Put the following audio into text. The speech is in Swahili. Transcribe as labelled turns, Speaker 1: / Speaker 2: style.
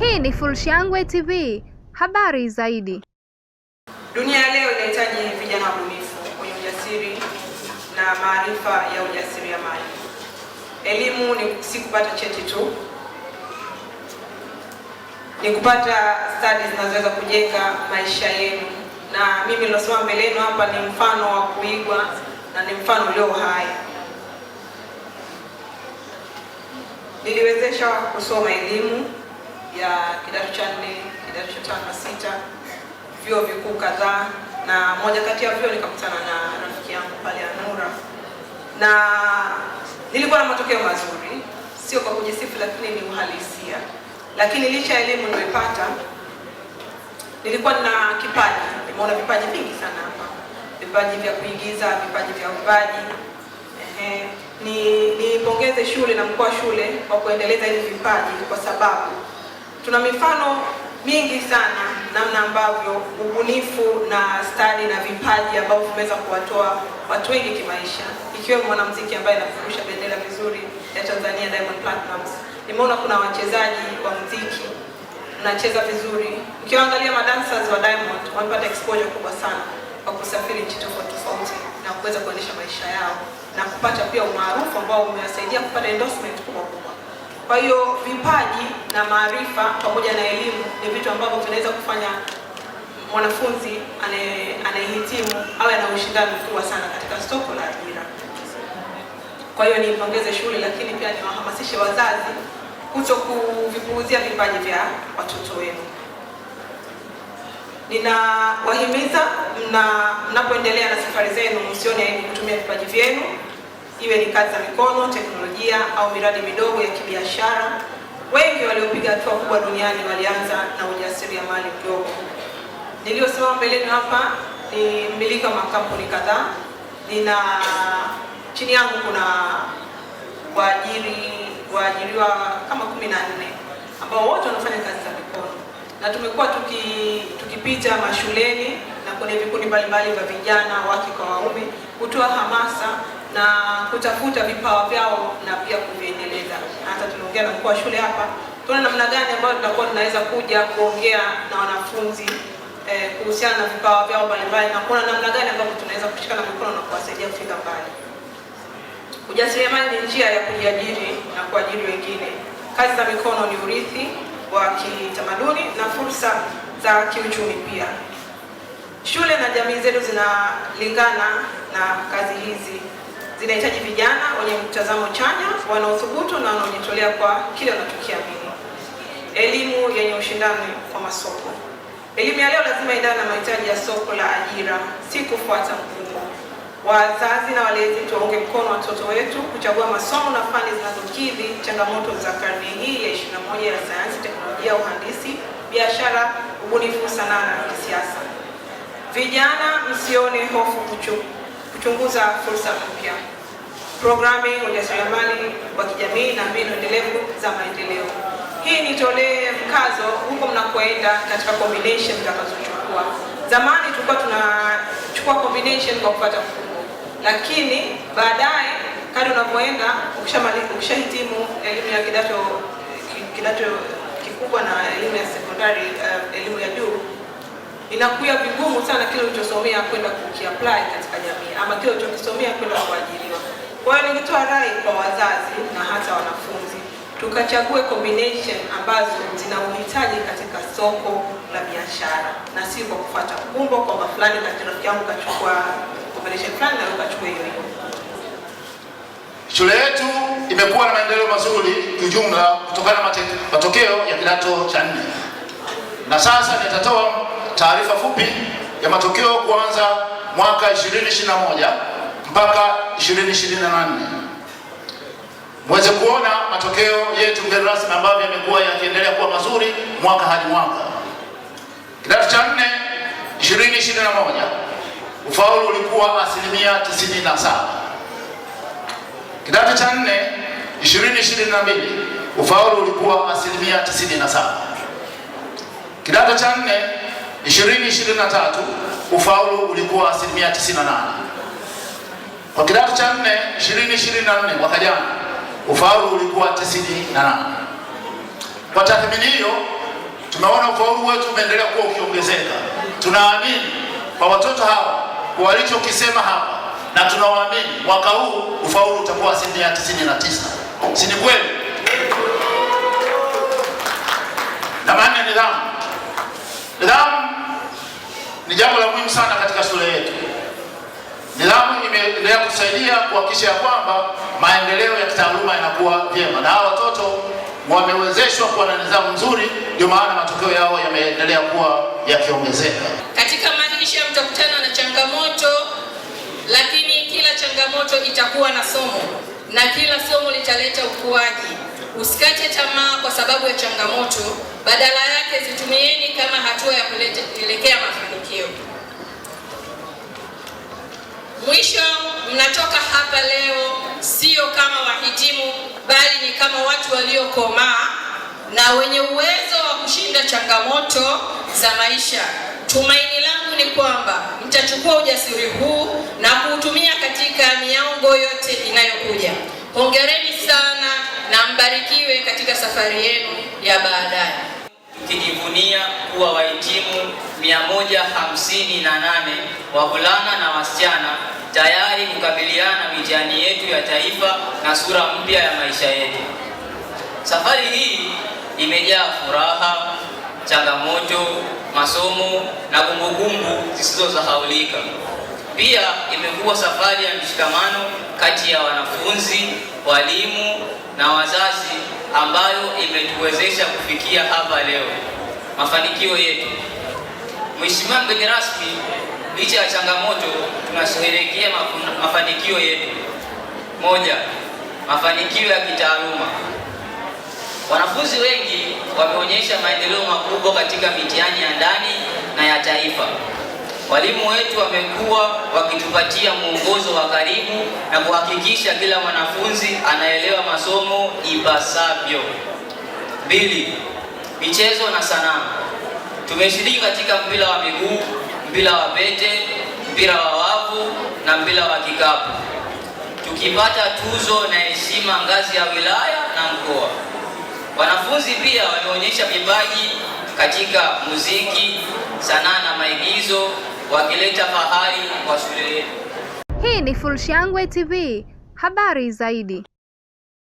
Speaker 1: Hii ni Fullshangwe TV, habari zaidi.
Speaker 2: Dunia ya leo inahitaji vijana wabunifu wenye ujasiri na maarifa ya ujasiriamali. Elimu ni si kupata cheti tu, ni kupata stadi zinazoweza kujenga maisha yenu, na mimi nilosoma mbele yenu hapa ni mfano wa kuigwa na ni mfano ulio hai. Niliwezesha kusoma elimu ya kidato cha nne, kidato cha tano na sita, vyuo vikuu kadhaa, na moja kati ya vyuo nikakutana na rafiki yangu pale Anura na nilikuwa na matokeo mazuri, sio kwa kujisifu, lakini ni uhalisia. Lakini licha ya elimu nimepata, nilikuwa na kipaji. Nimeona vipaji vingi sana hapa, vipaji vya kuigiza, vipaji vya uvaji. Ehe, ni nipongeze shule na mkuu wa shule kwa kuendeleza hivi vipaji kwa sababu Tuna mifano mingi sana namna ambavyo ubunifu na stadi na vipaji ambavyo vimeweza kuwatoa watu wengi kimaisha, ikiwemo mwanamuziki ambaye anafurusha bendera vizuri ya Tanzania, Diamond Platnumz. Nimeona kuna wachezaji wa muziki mnacheza vizuri, ukiwaangalia madancers wa Diamond wamepata exposure kubwa sana kwa kusafiri nchi tofauti tofauti na kuweza kuendesha maisha yao na kupata pia umaarufu ambao umewasaidia kupata endorsement kubwa kubwa. Kwa hiyo vipaji na maarifa pamoja na elimu ni vitu ambavyo vinaweza kufanya mwanafunzi anayehitimu awe na ushindani mkubwa sana katika soko la ajira. Kwa hiyo niipongeze shule, lakini pia niwahamasishe wazazi kuto kuvipuuzia vipaji vya watoto wenu. Ninawahimiza mnapoendelea na safari zenu, msione aibu kutumia vipaji vyenu iwe ni kazi za mikono, teknolojia au miradi midogo ya kibiashara. Wengi waliopiga hatua kubwa duniani walianza na ujasiriamali mdogo. Niliyosimama mbeleni hapa ni mmiliki wa makampuni kadhaa, nina chini yangu kuna waajiri waajiriwa kama kumi na nne ambao wote wanafanya kazi za mikono, na tumekuwa tuki, tukipita mashuleni na kwenye vikundi mbalimbali vya vijana wake kwa waume kutoa hamasa na kutafuta vipawa vyao na pia kuviendeleza. Hata tunaongea na mkuu wa shule hapa, tuone namna gani ambayo tunakuwa tunaweza kuja kuongea na wanafunzi eh, kuhusiana na vipawa vyao mbalimbali na kuona namna gani ambapo tunaweza kushikana mikono na kuwasaidia kufika mbali. Ujasiriamali ni njia ya kujiajiri na kuajiri wengine. Kazi za mikono ni urithi wa kitamaduni na fursa za kiuchumi pia. Shule na jamii zetu zinalingana na kazi hizi zinahitaji vijana wenye mtazamo chanya, wanaothubutu na wanaojitolea kwa kile wanachokiamini. Elimu yenye ushindani kwa masoko. Elimu ya leo lazima iendane na mahitaji ya soko la ajira, si kufuata mfumo. Wazazi na walezi tuwaunge mkono watoto wetu kuchagua masomo na fani zinazokidhi changamoto za karne hii ya moja ya sayansi, teknolojia, uhandisi, biashara, ubunifu, sanaa na kisiasa. Vijana, msione hofu kuchu kuchunguza fursa mpya, programi ya ujasiriamali wa kijamii na mbinu endelevu za maendeleo. Hii nitolee mkazo huko mnakoenda katika combination mtakazochukua. Zamani tulikuwa tunachukua combination kwa kupata mfumo, lakini baadaye kadri unavyoenda ukishahitimu elimu ya kidato eh, kidato kikubwa na elimu ya sekondari, uh, elimu ya juu inakuwa vigumu sana kile ulichosomea kwenda kukiapply katika jamii ama kile ulichokisomea kwenda kuajiriwa. Kwa hiyo ningetoa rai kwa wazazi na hata wanafunzi tukachague combination ambazo zina uhitaji katika soko la biashara na si kwa kufuata kumbo kwamba fulani kati rafiki yangu kachukua combination fulani na ukachukua hiyo hiyo.
Speaker 3: Shule yetu imekuwa na maendeleo mazuri kiujumla kutokana na matokeo ya kidato cha nne na sasa nitatoa taarifa fupi ya matokeo kuanza mwaka 2021 mpaka 2024 mweze kuona matokeo yetu mgeni rasmi ambavyo yamekuwa yakiendelea kuwa mazuri mwaka hadi mwaka. Kidato cha 4 2021 ufaulu ulikuwa asilimia 97. Kidato cha 4 2022 ufaulu ulikuwa asilimia 97. Kidato cha 2023 ufaulu ulikuwa asilimia 98. Kwa kidato cha 4 2024 mwaka jana ufaulu ulikuwa 98. Kwa tathmini hiyo tumeona ufaulu wetu umeendelea kuwa ukiongezeka. Tunaamini kwa watoto hawa kwa walichokisema hapa na tunawaamini mwaka huu ufaulu utakuwa asilimia 99. Si ni kweli? Na maana nidhamu jambo la muhimu sana katika shule yetu. Nidhamu imeendelea kusaidia kuhakikisha ya kwamba maendeleo ya kitaaluma yanakuwa vyema, na hawa watoto wamewezeshwa kuwa na nidhamu nzuri, ndio maana matokeo yao yameendelea kuwa yakiongezeka.
Speaker 4: Katika maisha mtakutana na changamoto, lakini kila changamoto itakuwa na somo na kila somo litaleta ukuaji. Usikate tamaa kwa sababu ya changamoto, badala yake zitumieni kama hatua ya kuelekea mafanikio. Mwisho, mnatoka hapa leo sio kama wahitimu, bali ni kama watu waliokomaa na wenye uwezo wa kushinda changamoto za maisha. Tumaini langu ni kwamba mtachukua ujasiri huu na kuutumia katika miongo yote inayokuja. Hongereni sana na mbarikiwe katika safari yenu ya baadaye.
Speaker 5: Tukijivunia kuwa wahitimu 158 wavulana na wasichana tayari kukabiliana mitihani yetu ya taifa na sura mpya ya maisha yetu. Safari hii imejaa furaha, changamoto, masomo na kumbukumbu zisizosahaulika. Pia imekuwa safari ya mshikamano kati ya wanafunzi, walimu na wazazi ambayo imetuwezesha kufikia hapa leo, mafanikio yetu. Mheshimiwa mgeni rasmi, licha ya changamoto, tunasherehekea mafanikio yetu. Moja, mafanikio ya kitaaluma. Wanafunzi wengi wameonyesha maendeleo makubwa katika mitihani ya ndani na ya taifa. Walimu wetu wamekuwa wakitupatia mwongozo wa karibu na kuhakikisha kila mwanafunzi anaelewa masomo ipasavyo. Mbili, michezo na sanaa. Tumeshiriki katika mpira wa miguu, mpira wa pete, mpira wa wavu na mpira wa kikapu, tukipata tuzo na heshima ngazi ya wilaya na mkoa. Wanafunzi pia wameonyesha vipaji katika muziki, sanaa na maigizo wakileta fahari kwa shule yetu.
Speaker 1: Hii ni Fullshangwe TV, habari zaidi.